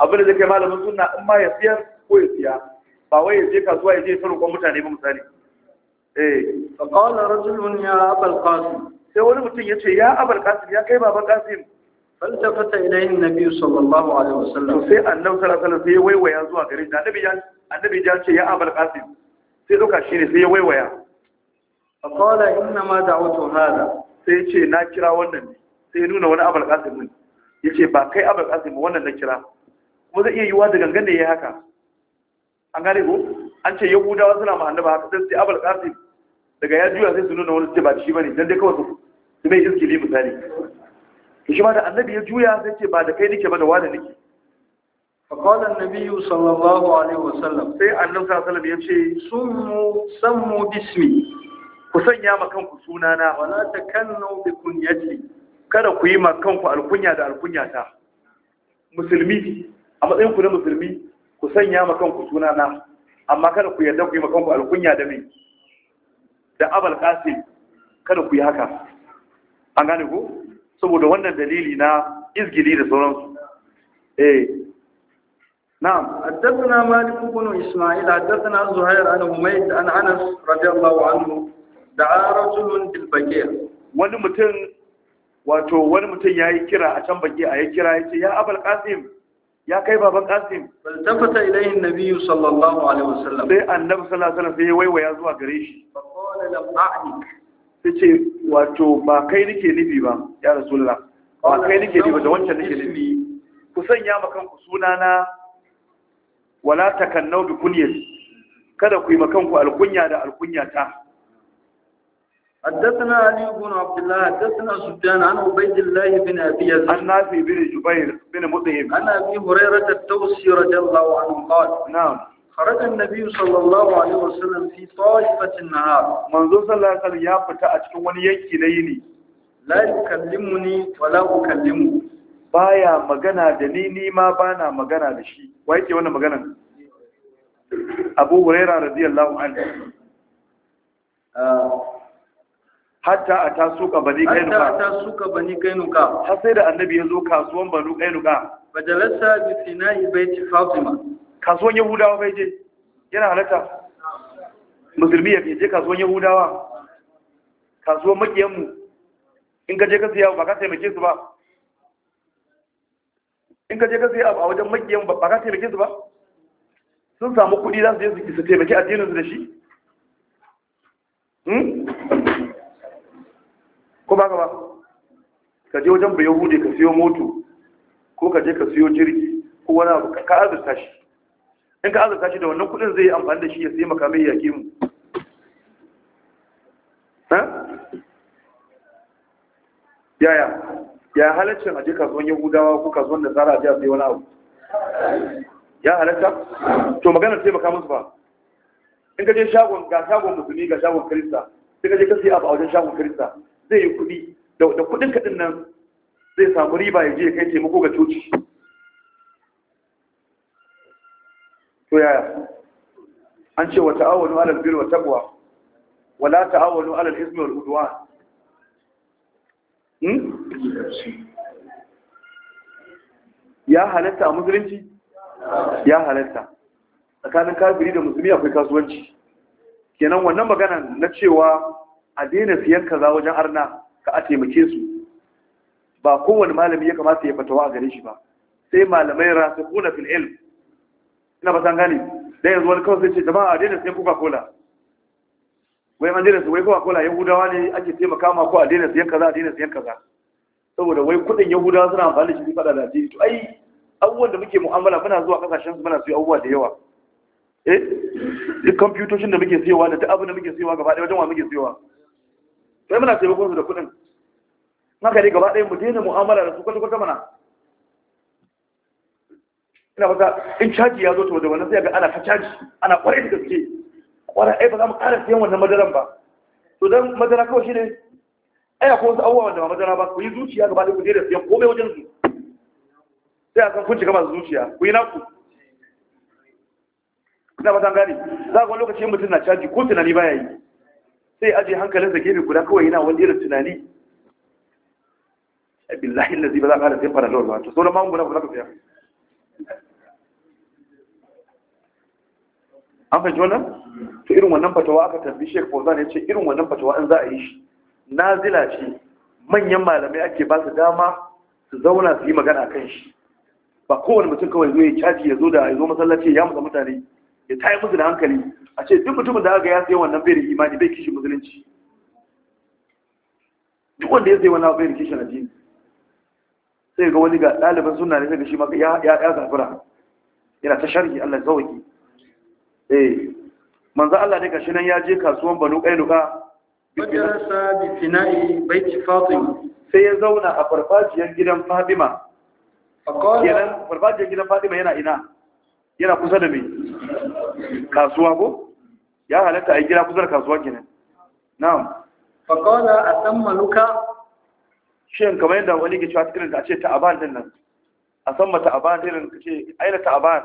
Speaker 1: abin da zai malamin suna in ma ya sayar? ko ya siya ba wai ya je kasuwa ya je ta kwan mutane ba misali eh fa qala rajulun ya abul qasim sai wani mutum ya ce ya abul qasim ya kai baban qasim faltafata ilayhi nabi sallallahu alaihi wasallam sai annabi sallallahu alaihi wasallam sai waiwaya zuwa garin da annabi ya annabi ya ce ya abul qasim sai doka shine sai ya waiwaya fa qala inna ma da'utu hada sai ce na kira wannan ne sai nuna wani abul qasim ne yace ba kai abul qasim wannan na kira kuma zai iya yiwa da gangan ne yayi haka an gane ko an ce yahudawa suna ma annaba haka sai abul qasim daga ya juya sai su nuna wani ba shi bane dan dai kawai su mai iskili misali shi ma da annabi ya juya sai ce ba da kai nake ba da wani nake alaihi النبي Sallam. Sai عليه وسلم سي النبي صلى الله عليه وسلم يمشي سموا سموا باسمي كسنيا ما كانكم ta ولا bi kunyati kada ku yi ma kanku alkunya da alkunya ta musulmi a matsayin ku na musulmi ku sanya ma kanku suna na amma kada ku yarda ku yi ma kanku alkunya da mai da abal qasim kada ku yi haka an gane ku saboda wannan dalili na izgili da sauransu eh نعم حدثنا Malik بن Isma'il, حدثنا zuhair an umayd an anas radiyallahu anhu da دعا bil بالبقيع wani mutum wato wani mutum yayi kira a can baki a yayi kira yace ya Abul Qasim ya kai baban kasim bal tafata ilayhi an-nabi sallallahu alaihi wasallam sai annabi sallallahu alaihi wasallam sai waiwaya zuwa gare shi fa qala wato ba kai nake nufi ba ya rasulullah ba kai nake nufi ba da wancan nake nufi ku sanya ma kanku sunana wala takannau bi kunyati kada ku yi ma kanku alkunya da alkunyata حدثنا علي بن عبد الله حدثنا سفيان عن عبيد الله بن ابي يزيد عن نافع بن جبير بن مطعم عن ابي هريره الدوسي رضي الله عنه قال نعم خرج النبي صلى الله عليه وسلم في طائفه النهار منذ صلى الله عليه وسلم يا fita a cikin wani yanki na yini la yukallimuni wa la ukallimu baya magana da ni ni ma bana magana da shi wa yake wannan maganan Abu Hurairah radiyallahu anhu hatta a ta suka bani kainuka hatta ta suka bani kainuka har sai da annabi ya zo kasuwan banu kainuka bajalasa bi sina'i baiti fatima kasuwan yahudawa bai je yana halatta musulmi ya je kasuwan yahudawa kasuwan mu in ka je ka siya ba ka taimake su ba in ka je ka siya a wajen makiyan ba ka taimake su ba sun samu kuɗi za su je su taimake addinin su da shi hmm? ko ba ka ba ka je wajen bai hude ka siyo moto ko ka je ka siyo jirgi ko wani abu ka azurta shi in ka azurta shi da wannan kudin zai yi amfani da shi ya sai makamai ya ke mu yaya ya halaccin je kasuwan yahudawa ko kasuwan da tsara aje a sai wani abu ya halatta to maganar maka musu ba in ka je shagon ga shagon musulmi ga shagon kirista sai ka je ka siya abu a wajen shagon kirista zai yi kuɗi da kuɗin kaɗin nan zai samu riba ya je kai taimako ga coci to yaya an ce wa ta'awanu alal birri wa taqwa wa la ta'awanu alal ismi wal udwan hmm? ya halatta a musulunci ya halatta tsakanin kafiri da musulmi akwai kasuwanci kenan wannan magana na cewa a daina siyan kaza wajen arna ka a taimake su ba kowane malami ya kamata ya fatawa a gare shi ba sai malamai rasu kuna fil ilm ina ba san gani dan yanzu wani kawai sai ce jama'a a daina siyan coca cola wai an daina wai coca cola yahudawa ne ake taimaka ma ko a daina siyan kaza a daina siyan kaza saboda wai kudin yahudawa suna amfani da shi fada da addini to ai abubuwan da muke mu'amala muna zuwa kasashen su muna siyo abubuwa da yawa eh duk kwamfutocin da muke siyowa da duk abin da muke siyowa gaba ɗaya wajen wa muke siyowa sai muna taimakon su da kuɗin haka ne gaba ɗaya mu daina mu'amala da su kwata-kwata mana ina fata in caji ya zo to da wannan sai ga ana ta caji ana kwarai da gaske kwarai ai ba za mu ƙara siyan wannan madaran ba to dan madara kawai shine ai akwai wasu abubuwa wanda ba madara ba ku yi zuciya gaba ɗaya ku daina siyan komai wajen su sai a san kun shiga masu zuciya ku yi naku ina fata gani za ga wani lokacin mutum na caji ko tunani baya yi sai aje hankalin da gefe guda kawai yana wani irin tunani billahi lazi ba za ka da sai fara lawar ba to sauran magunguna ba za ka saya an fahimci wannan to irin wannan fatawa aka tambi shek fauzan ya ce irin wannan fatawa in za a yi shi nazila ce manyan malamai ake ba su dama su zauna su yi magana kan shi ba kowane mutum kawai zo ya caji ya zo da ya zo masallaci ya musa mutane ya tayar musu da hankali a ce duk mutumin da aka ya sai wannan bai da imani bai kishi musulunci duk wanda ya sai wannan bai da kishi jini. sai ga wani ga ɗaliban suna ne daga shi maka ya zafira yana ta sharhi Allah zawaki eh manzo Allah ne gashi nan ya je kasuwan Banu Qainuqa majalasa bi fina'i baiti Fatima sai ya zauna a farfajiyar gidan Fatima kenan farfajiyar gidan Fatima yana ina yana kusa da me kasuwa ko ya halatta a yi gida kasuwa ke nan. Na. na'am faƙola a san maluka shin kamar yadda wani ke cewa irin da a ce ta'aban din nan a san ma ta'aban nan ka ce aina ta'aban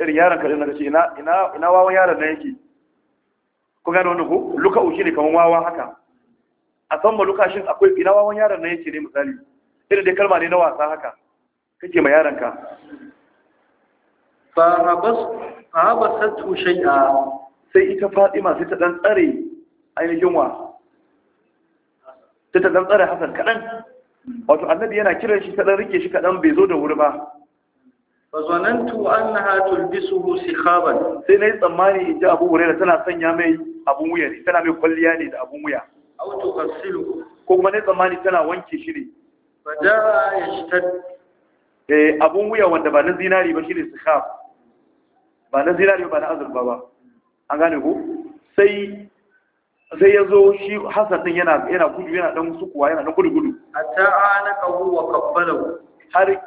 Speaker 1: irin yaron kaɗin ka ce ina wawan yaron na yake kun gane wani ko luka uki ne kamar wawa haka a san ma luka shin akwai ina wawan yaron na yake ne misali irin dai kalma ne na wasa haka kake ma yaronka. ka tushen shay'a sai ita Fatima sai ta dan tsare ainihin wa ta ta dan tsare Hassan kadan wato annabi yana kiran shi ta dan rike shi kadan bai zo da wuri ba fa zanantu annaha tulbisuhu sikhaban sai nayi tsammani in ji Abu Hurairah tana sanya mai abu wuya ne tana mai kwalliya ne da abu wuya aw tuqassilu ko kuma nayi tsammani tana wanke shi ne fa da yashtad eh abun wuya wanda ba na zinari ba shine sikhab ba na zinari ba na azurfa ba an gane ko sai sai ya zo shi hassan ɗin yana yana gudu yana dan sukuwa yana dan gudu gudu hatta anakahu wa qabbalahu har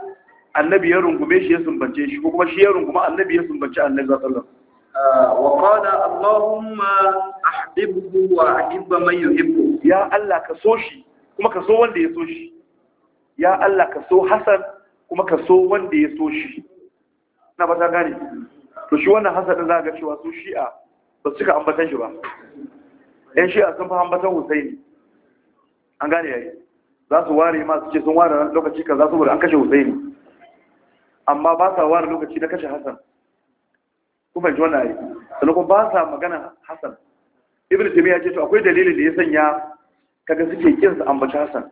Speaker 1: annabi ya rungume shi ya sumbance shi ko kuma shi ya rungume annabi ya sumbance annabi sallallahu alaihi wa qala allahumma ahibbuhu wa ahibba man yuhibbu ya allah ka so shi kuma ka so wanda ya so shi ya allah ka so hasan kuma ka so wanda ya so shi na ba ta gane to shi wannan hasadin za ga cewa su shi'a ba su cika ambatan shi ba yan shi'a sun fi ambatan husaini an gane yayi za su ware ma su ce sun ware lokaci za su wuri an kashe husaini amma ba sa ware lokaci na kashe hasan kuma ji wannan ayi sannan kuma ba sa magana hasan ibn taymiya ce to akwai dalilin da ya sanya kaga suke kin su ambaci hasan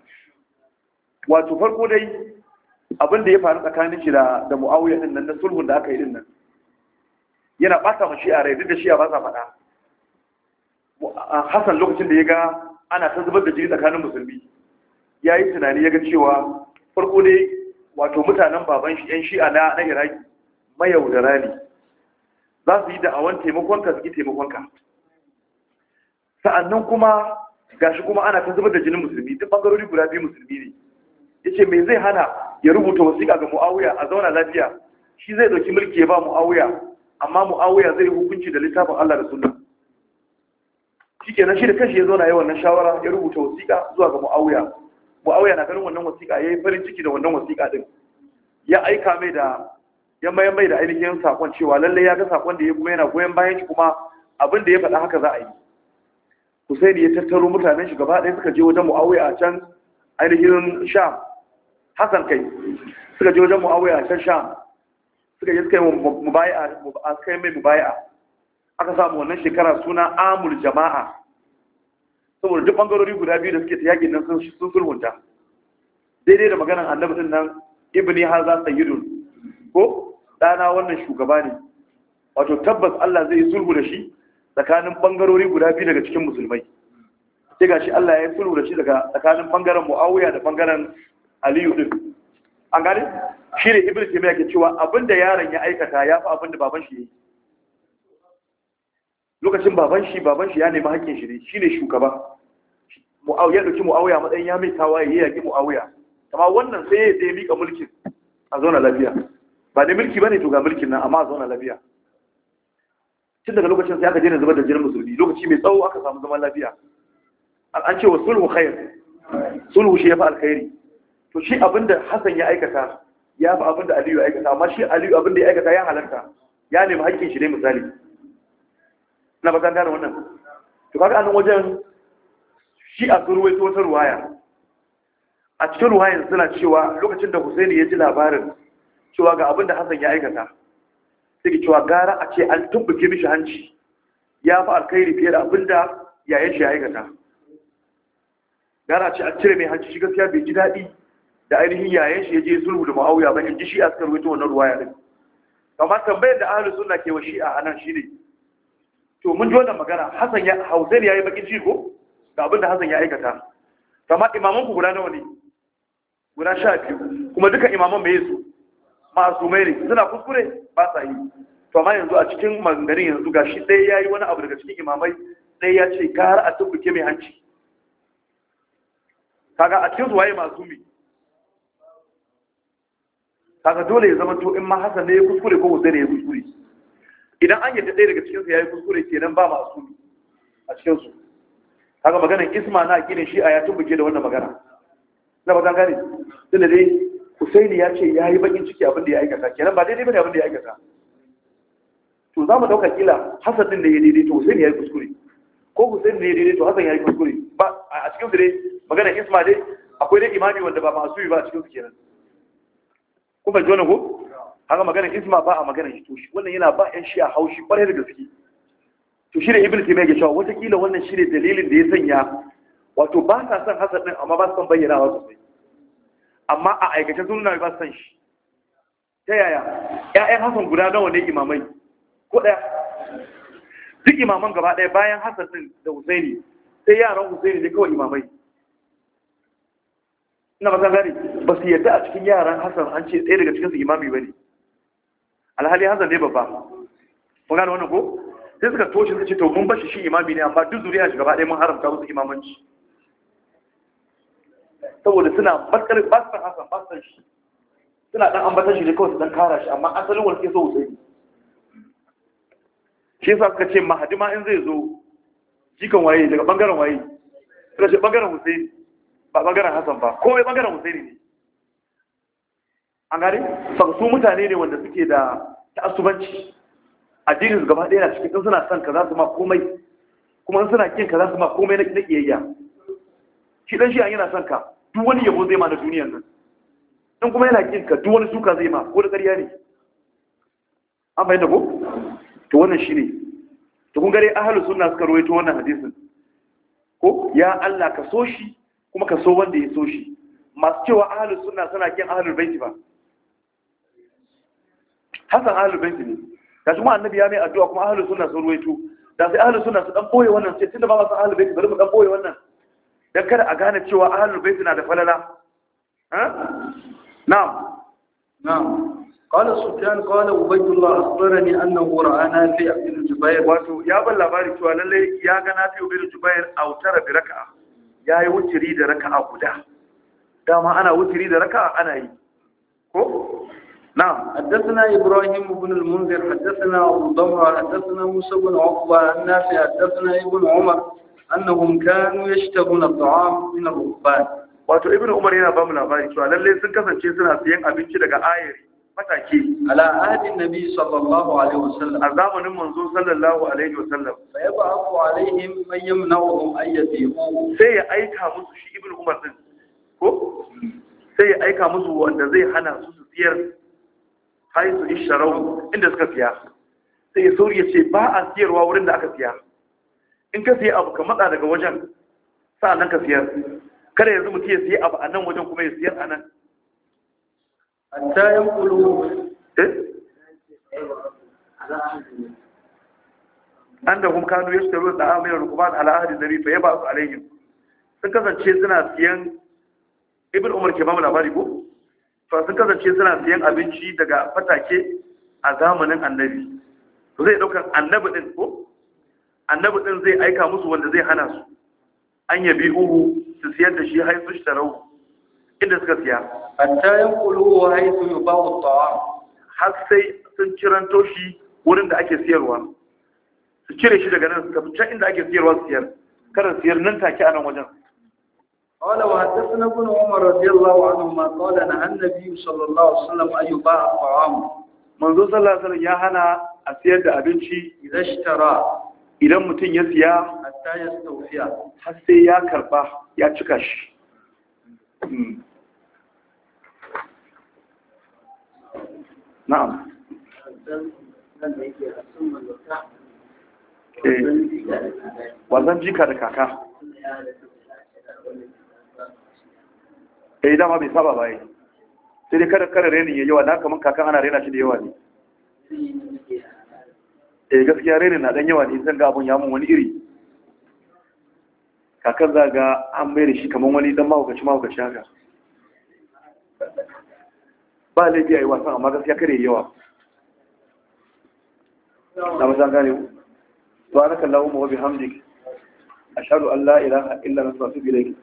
Speaker 1: wato farko dai abin da ya faru tsakanin shi da da muawiya din nan na sulhun da aka yi din nan yana ɓata mu a rai duk da shi ba sa faɗa Hassan lokacin da ya ga ana ta zubar da jini tsakanin musulmi ya yi tunani ya ga cewa farko ne wato mutanen baban shi yan shi'a na na iraki mayaudara ne za su yi da'awan taimakonka su yi taimakonka sa'annan kuma gashi kuma ana ta zubar da jinin musulmi duk bangarori guda biyu musulmi ne ya ce mai zai hana ya rubuta wasiƙa ga mu'awiya a zauna lafiya shi zai ɗauki mulki ya ba mu'awiya amma mu'awiya zai hukunci da littafin Allah da sunna na shi da kashi ya na yi wannan shawara ya rubuta wasiƙa zuwa ga mu'awiya mu'awiya na ganin wannan wasiƙa yayi farin ciki da wannan wasiƙa din ya aika mai da ya mai mai da ainihin sakon cewa lalle ya ga sakon da ya kuma yana goyen bayan shi kuma abin da ya faɗa haka za a yi Husaini ya tattaro mutanen shi gaba ɗaya suka je wajen mu'awiya a can ainihin sham hasan kai suka je wajen mu'awiya a can sham suka yi suka yi a suka yi mai mubaya'a aka samu wannan shekara suna amul jama'a saboda duk bangarori guda biyu da suke ta yaƙi nan sun sulhunta daidai da maganar annabi har nan ibni yi dun ko ɗana wannan shugaba ne wato tabbas Allah zai yi sulhu da shi tsakanin bangarori guda biyu daga cikin musulmai sai shi Allah ya yi sulhu da shi daga tsakanin bangaren mu'awuya da bangaren Aliyu din an gane shi ne ibn taymiya ke cewa abinda yaron ya aikata ya fi abinda baban shi yake lokacin baban shi baban shi ya nemi hakkin shi ne shi ne shugaba Ya ɗauki mu'awuya matsayin ya mai tawaye ya yaƙi mu'awuya amma wannan sai ya zai mika mulkin a zauna lafiya ba da mulki ba to ga mulkin nan amma a zauna lafiya tun daga lokacin sai aka daina zubar da jinin musulmi lokaci mai tsawo aka samu zaman lafiya an ce wa sulhu khair sulhu shi ya fi alkhairi to shi abinda hasan ya aikata ya fi abin da aliyu aikata amma shi aliyu abin da ya aikata ya halarta ya nemi haƙƙin shi ne misali na ba gane wannan to kaga anan wajen shi a sun ta wata ruwaya a cikin ruwayan suna cewa lokacin da husaini ya ji labarin cewa ga abin da hassan ya aikata sai cewa gara a ce an tumbuke mishi hanci ya fi alkhairi fiye da abin da yayin shi ya aikata gara a ce an cire mai hanci shi gaskiya bai ji daɗi da ainihin yayin shi ya je sulhu da muawiya ba in ji shi askar wato wannan ruwaya din Kamar tambayar da ahlus sunna ke wa shi'a anan shine to mun ji wannan magana Hassan ya hausain yayi bakin ci ko ga abin da ya aikata amma imaman ku guda nawa ne guda 12 kuma duka imaman me masu mai ne suna kuskure ba sa yi to amma yanzu a cikin maganganun yanzu gashi ɗaya yayi wani abu daga cikin imamai ɗaya ya ce gara a tabbuke mai hanci kaga a cikin waye mai kaga dole ya zama to in ma hasan ne ya kuskure ko Hussein ne ya kuskure idan an yadda ɗaya daga cikin su yayi kuskure kenan ba masu a cikin su kaga maganar isma na akidin shi a ya buke da wannan magana na ba gane tunda dai Husaini ya ce ya yi bakin ciki abin da ya aikata kenan ba daidai ne abin da ya aikata to za mu ɗauka kila Hassan din da ya daidai to Husaini ya yi kuskure ko Husaini ne ya daidai to Hassan ya yi kuskure ba a cikin su dai maganar isma dai akwai dai imani wanda ba masu yi ba a cikin su kenan ku fahimci wannan ko haka magana isma ba a magana shi to shi wannan yana ba yan shi a haushi kwarai da gaske to shi da ibnu taymiya ga shawa wata kila wannan shi ne dalilin da ya sanya wato ba sa son hasad din amma ba su son bayyana wa sosai amma a aikace sun nuna ba su san shi ta yaya ƴaƴan hasan guda nawa ne imamai ko ɗaya duk imaman gaba ɗaya bayan hasan din da husaini sai yaran husaini ne kawai imamai ina ba san gari ba su yadda a cikin yaran hassan an ce ɗaya daga cikinsu imami ba ne alhali hassan ne babba ba gane wani ko sai suka toshe su ce to mun bashi shi imami ne amma duk zuriya shi gaba ɗaya mun haramta musu imamanci saboda suna matsar basan hassan basan shi suna ɗan ambatar shi ne kawai su dan kara shi amma asalin wani ke so wuce shi yasa suka ce mahadima in zai zo jikan waye daga ɓangaren waye suka ce ɓangaren Hussaini ba bangaren hassan ba komai bangaren Hussaini ne an gane su mutane ne wanda suke da ta'assubanci addinin gaba ɗaya na cikin in suna son ka za su ma komai kuma suna kin ka za su ma komai na ƙiyayya. shi ɗan shi yana son ka duk wani yabo zai ma na duniyar nan Ɗan kuma yana kin ka duk wani suka zai ma ko da ƙarya ne an fahimta ko to wannan shi ne. to kun gare ahalu suna suka rawaito wannan hadisin ko ya Allah ka so shi kuma ka so wanda ya so shi masu cewa ahalu suna suna kin ahalu baiti ba hasan ahlul bait ne da kuma annabi ya mai addu'a kuma ahlus sunna sun ruwaito da sai ahlus sunna su dan boye wannan sai tunda ba ba su ahlul bait bari mu dan boye wannan dan kada a gane cewa ahlul bait na da falala ha na'am na'am قال سفيان قال عبيد الله اخبرني انه راى نافع بن جبير واتو يا بل لباري cewa lalle ya ga nafi bin jubair autara bi raka'a yayi wutiri da raka'a guda dama ana wutiri da raka'a ana yi ko نعم حدثنا إبراهيم بن المنذر حدثنا أبو ضمر حدثنا موسى بن عقبة عن نافع حدثنا ابن عمر أنهم كانوا يشترون الطعام من الرهبان wato ibnu umar yana ba mu labari cewa lalle sun kasance suna siyan abinci daga ayiri mataki ala ahdin nabi sallallahu alaihi wasallam a zamanin manzo sallallahu alaihi wasallam fa yab'athu alaihim man yamna'uhum an yabi'u sai ya aika musu shi ibnu umar din ko sai ya aika musu wanda zai hana su su siyar haisu isharau inda suka siya sai ya sauri ya ce ba a siyarwa wurin da aka siya in ka siya abu ka matsa daga wajen nan ka siyar kada yanzu mutum ya siya abu a nan wajen kuma ya siyar a nan hatta kulu eh? an da hum kanu yashtarun da amina da ala zari to ya ba su alaihim sun kasance suna siyan ibn umar ke ba mu labari ko fasu kasance suna siyan abinci daga fatake a zamanin annabi to zai daukan annabi din ko annabi din zai aika musu wanda zai hana su an yabi uhu su siyar da shi haisu shi tarau inda suka siya hatta yanqulu wa haisu yubawu at-ta'am har sai sun ciranto shi wurin da ake siyarwa su cire shi daga nan su tafi can inda ake siyarwa su siyar kada siyar nan take a nan wajen قال وحدثنا ابن عمر رضي الله عنهما قال أن النبي صلى الله عليه وسلم أن يباع الطعام منذ صلى الله عليه وسلم يا هنا أسير ده أبنشي إذا اشترى idan mutum ya siya hatta ya taufiya har sai ya karba ya cika shi na'am wasan jika da kaka eh dama bai saba ba yi sai dai kada kada reni ya yawa na kaman kakan ana rena shi da yawa ne eh gaskiya renin na dan yawa ne zan ga abun ya mun wani iri kakan za ga an mai da shi kaman wani dan mahaukaci mahaukaci haka ba laifi a yi wasan amma gaskiya kada ya yawa na masan gane ku ba na kallon umaru bihamdik ashadu allah ilaha illa na suwa su gilai